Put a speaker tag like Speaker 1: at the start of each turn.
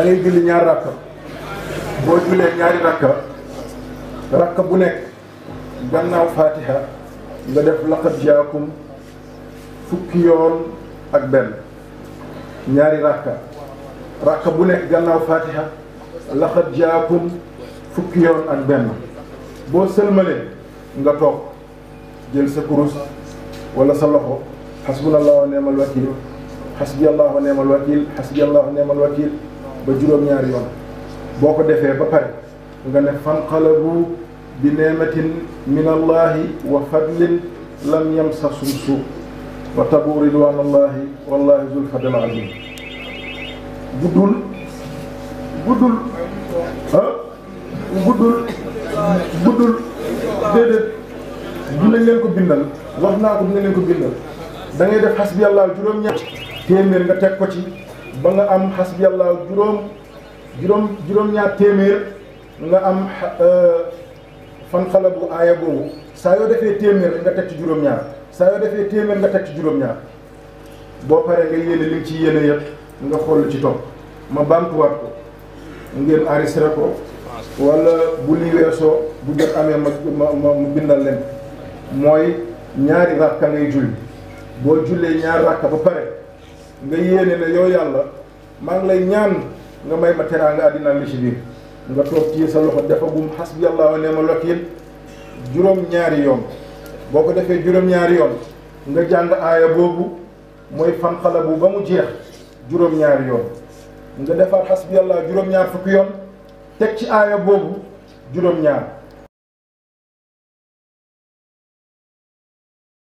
Speaker 1: da ngay julli ñaari rakk boo jullee ñaari rakk rakk bu nekk gannaaw fatiha nga def laqad jaakum fukki yoon ak benn ñaari rakk rakk bu nekk gannaaw fatiha laqad jaakum fukki ak benn boo sëlmalee nga toog jël sa kurus wala sa loxo xasbunallahu wa neemal wakil xasbi allahu wa neemal wakil xasbi allahu wa neemal wakil ba juróom-ñaari yoon boo ko defee ba pare nga ne fanqalabu bi neematin min allahi wa fadlin lam yamsasum suu wa tabu ridwanallahi wallahi zul fadl azim guddul guddul ah guddul guddul déedéet dinañ leen ko bindal wax naa ko dinañ leen ko bindal da def xas bi yàlla juróom-ñaar téeméer nga teg ko ci ba nga am xasbi yàlla juróom juróom juróom-ñaar téeméer nga am eh, fan fanxalabu aaya boobu saa yoo defee téeméer nga teg ci juróom-ñaar saa yoo defee téeméer nga teg ci juróom-ñaar boo paree nga yéene li nga ci yéene yëpp nga xool ci topp ma bamtuwaat ko ngeen enregistré ko wala bu lii weesoo bu jot amee ma ma ma bindal mooy ñaari rakka ngay julli boo jullee ñaar rakka ba pare nga yéene ne yow yàlla maa ngi lay ñaan nga may ma teraanga àddina li ci biir nga toog ci sa loxo defagum xasbi yàlla wa neema wakiil juróom-ñaari yoon boo ko defee juróom-ñaari yoon nga jàng aaya boobu mooy fan xalabu ba mu jeex juróom-ñaari yoon nga defaat xasbi yàlla juróom-ñaar fukki yoon teg ci aaya boobu juróom-ñaar.